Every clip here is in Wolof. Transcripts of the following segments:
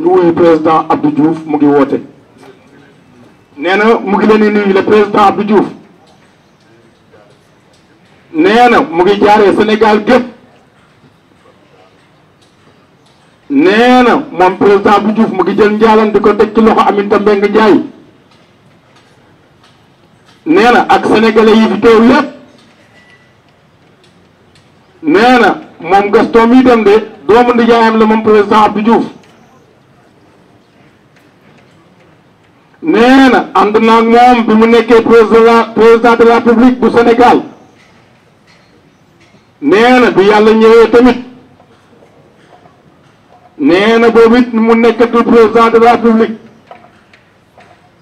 nu woowee président Abdou Diouf mu ngi woote nee na mu ngi leen di nuyu le président Abdou Diouf nee na mu ngi jaaree Sénégal gépp nee na moom président Abdou Diouf mu ngi jël njaalam di ko teg ci loxo Aminata Mbengue Ndiaye nee na ak sénégalais yi fi teew yépp nee na moom Gaston mi dem de di ndijaayam la moom président Abdou Diouf ànd naag moom bi mu nekkee président président de la république bu Sénégal nee na bi yàlla ñëwee tamit nee na boobu it mu nekkatul président de la république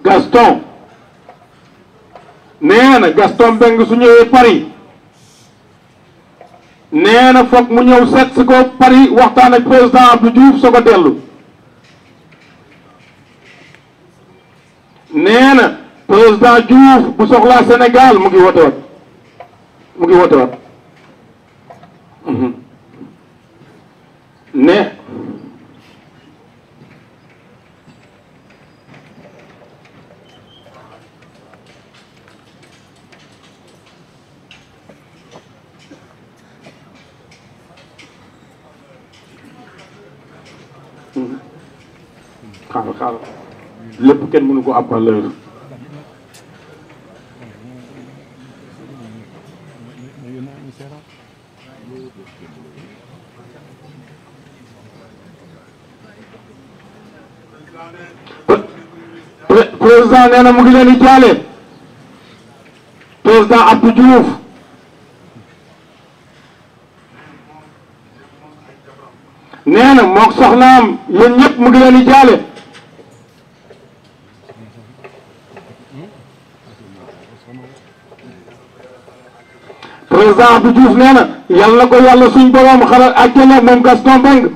Gaston nee na Gaston Mbengue su ñëwee Paris nee na foog mu ñëw seet si ko Paris waxtaan ak président Abdou Diouf soo ko dellu. nee na président Diouf bu soxlaa Sénégal mu gi woote mu ngi woote waat mhm. ne mhm. xaaral xaaral lépp kenn mënu ko ab par l'heure président nee na mu ngi leen di jaale président Abdou Diouf nee na mook soxnaam yéen ñëpp mu ngi leen di jaale président Abdou Diouf nee na na ko yàlla suñ borom xaral àjjana moom Gaston Mbengue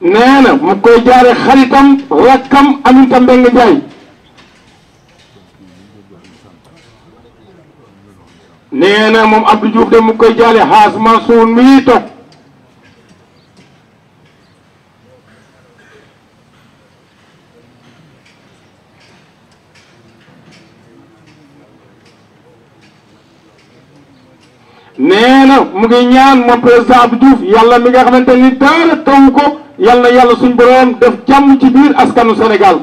nee na mu koy jaare xaritam rakkam Aminata Mbengue Ndiaye nee na moom Abdou Diouf de mu koy jaare Haas Mansour mi toog nee na mu ngi ñaan moom président Abdou Diouf yàlla mi nga xamante ni daara taw ko yàlla na yàlla suñ borom def jàmm ci biir askanu senegal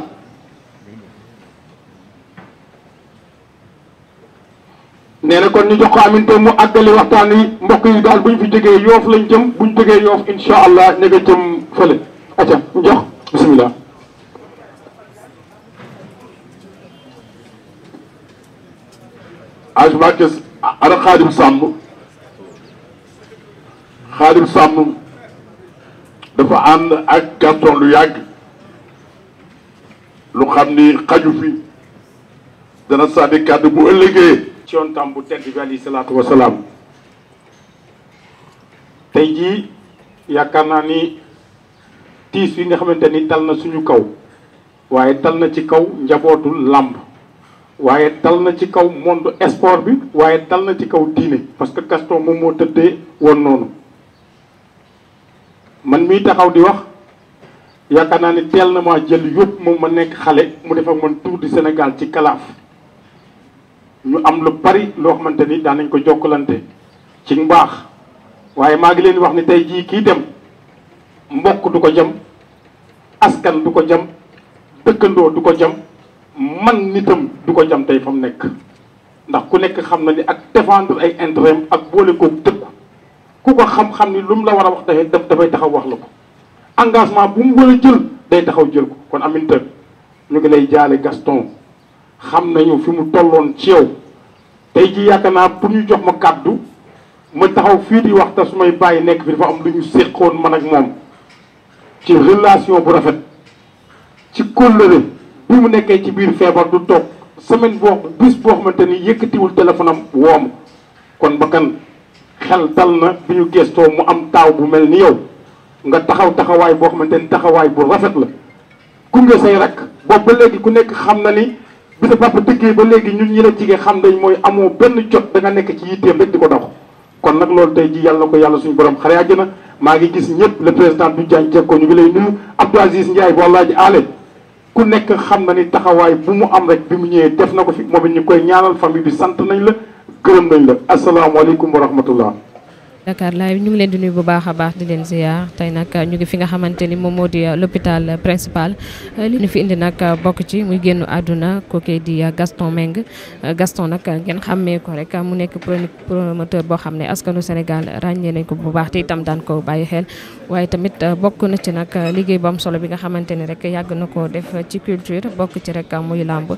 nee na kon ñu jox ko aminte mu àggali waxtaan wi mbokk yi daal bu ñu fi jógee yoof lañ jëm bu ñu jógee yoof incha allah ñu nga jëm fële aca njox bisimilah. Aj Mbacke Ara Xaadim Samb Xaadim Sàmm dafa ànd ak Gaston lu yàgg lu xam ni xaju fi dana sànni kàddu bu ëllëgee ci yoon tam bu tedd bi alayhi salaatu wasalaam tey jii yaakaar naa ni tiis yi nga xamante ni tal na suñu kaw waaye tal na ci kaw njabootu làmb waaye tal na ci kaw monde sport bi waaye tal na ci kaw diine parce que Gaston moom moo tëddee woon noonu mii taxaw di wax yaakaar naa ne teel na maa jël yóbbu moom ma nekk xale mu def ak man tour du Sénégal ci kalaaf ñu am lu bari loo xamante ni daan nañ ko jokkalante ci mbaax waaye maa ngi leen wax ni tey jii kii dem mbokk du ko jam askan du ko jam tëkkandoo du ko jam man nitam du ko jam tey fa mu nekk ndax ku nekk xam na ni ak défendre ay intérêt ak boole koog dëkku ku ko xam-xam ni lu mu la war a wax dafay dafay taxaw wax la ko engagement bu mu war jël day taxaw jël ko kon Aminta ñu ngi lay jaale Gaston xam nañu fi mu tolloon ci yow tey ji yaakaar naa pour ñu jox ma kàddu ma taxaw fii di wax te su may bàyyi nekk fi dafa am lu ñu séqoon man ak moom ci relation bu rafet ci kóllëre bi mu nekkee ci biir feebar du toog semaine boo bis boo xamante ni yëkkatiwul téléphone am woom kon bakkan xel dal na bi ñu gëstoo mu am taaw bu mel ni yow nga taxaw taxawaay boo xamante ni taxawaay bu rafet la gunge say rek boobu ba léegi ku nekk xam na ni bi sa papa ba léegi ñun ñi la jigee xam nañ mooy amoo benn jot nekk ci yitteem di ko dox kon nag loolu tey ji yàlla ko yàlla suñu borom xare àjjana maa ngi gis ñëpp le président du Diagne Diecko ñu ngi lay nuyu Abdou Aziz Ndiaye bu Alaaji Ale ku nekk xam na ni taxawaay bu mu am rek bi mu ñëwee def na ko fi moom ñu koy ñaanal famille bi sant nañ la gërëm nañ la asalaamaaleykum wa rahmatullah Dakar Live ñu ngi leen di nuyu bu baax a baax di leen si ziar tey nag ñu ngi fi nga xamante ni moom moo di euh, l'hôpital principal euh, li ñu fi indi nag euh, bokk ci muy génn àdduna kooku di Gaston Mbengue Gaston nag ngeen xàmmee ko rek mu nekk promoteur boo xam ne askanu Sénégal ràññee nañ ko bu baax te itam daan ko bàyyi xel waaye tamit bokk na ci nag liggéey bu am solo bi nga xamante ni rek yàgg na ko def ci culture bokk ci rek muy làmb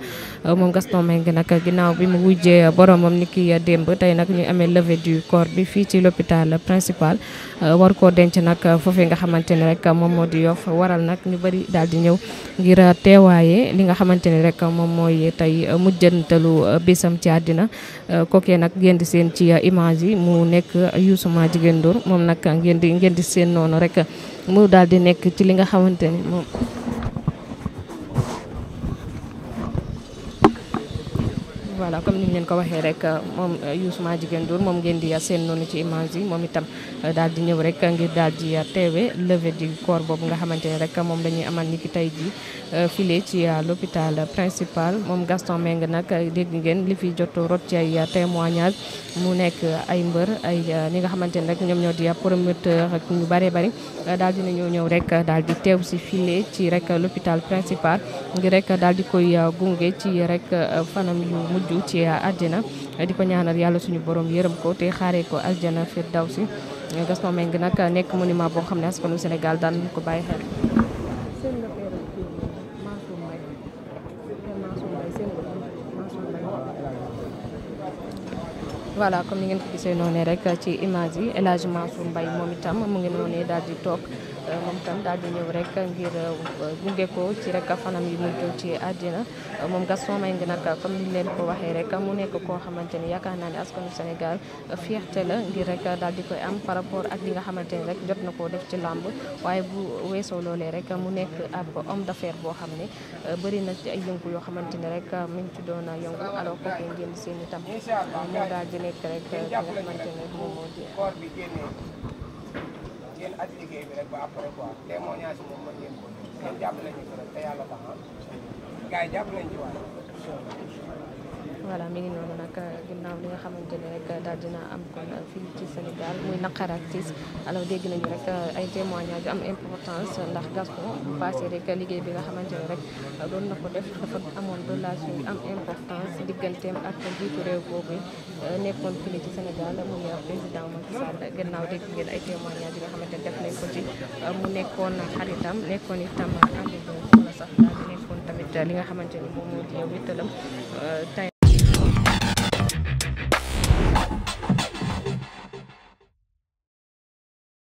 moom Gaston Mbengue nag ginnaaw bi mu wujjee boromam ni ki démb tey nag ñu amee levée du corps bi fii ci l'hôpital hôpital principal euh, war koo denc nag foofee nga xamante ne rek moom moo di Yoff waral nag ñu bari daal di ñëw ngir teewaaye li nga xamante ne rek moom mooy tey mujjantalu euh, bisam ci àddina euh, kookee nag ngeen di seen ci image yi mu nekk Youssou Madjiguène Ndour moom nag ngeen di ngeen di seen noonu rek mu daal nekk ci li nga xamante moom voilà comme ni ñu leen ko waxee rek euh, moom euh, Youssou Madjiguène Ndour moom ngeen di euh, seen noonu ci image yi moom itam daal di ñëw rek ngir daal di teewe levée du corps boobu nga xamante ni rek moom la ñuy amal ni ki tey ji file ci l'hôpital principal moom Gaston Meng nag dégg ngeen li fi jot rot ci ay mu nekk ay mbër ay ñi nga xamante ne rek ñoom ñoo di promoteur ak ñu bare bari daal di nañu ñëw rek daal di teew si file ci rek l'hôpital principal ngir rek daal di koy gunge ci rek fanam yu mujj mujj ci àjjana di ko ñaanal yàlla suñu borom yërëm ko te xaaree ko àjjana si Gaston Mbengue nag nekk monument boo xam ne askanu Sénégal daal ñu ko bàyyi xel. voilà comme ni ngeen ko gisee noonu rek ci image yi El Hadj Mansour moom itam mu ngi noonu daal di toog. Euh, moom tam daal di ñëw rek ngir euh, gunge ko ci rek fanam yi mujj ci àddina euh, moom Gaston Mbengue nag comme ni leen ko waxee rek mu nekk koo xamante ni yaakaar naa ne askanu Sénégal fierté la ngir rek daal di koy am par rapport ak li nga xamante ni rek jot na koo def ci làmb waaye bu weesoo loolee rek mu nekk ab homme d'affaires boo xam ne bëri na ci ay yëngu yoo xamante ni rek mu ngi ci doon yëngu alors kooku ngeen seeni tam mu daal di nekk rek ki nga xamante moom moo yéen ak liggéey bi rek ba après quoi témoignage yi moom mën ngeen ko yéen jàpp nañu ko te yàlla tax na gars yi jàpp nañu ci voilà mi ngi noonu nag ginnaaw li nga xamante ne rek daal dina am kon fii ci Sénégal muy naqar ak tiis alors dégg nañu rek ay témoignages am importance ndax Gaston bu passé rek liggéey bi nga xamante ne rek doon na ko def dafa amoon relation yu am importance digganteem ak jiitu réew boobu euh, nekkoon fii ci Sénégal muy président Macky Sall gannaaw dégg ngeen ay témoignages yi nga xamante ne def nañ ko ci euh, mu nekkoon xaritam nekkoon itam ànd wala sax daal nekkoon tamit li nga xamante ni moom moo di wéttalam euh, tey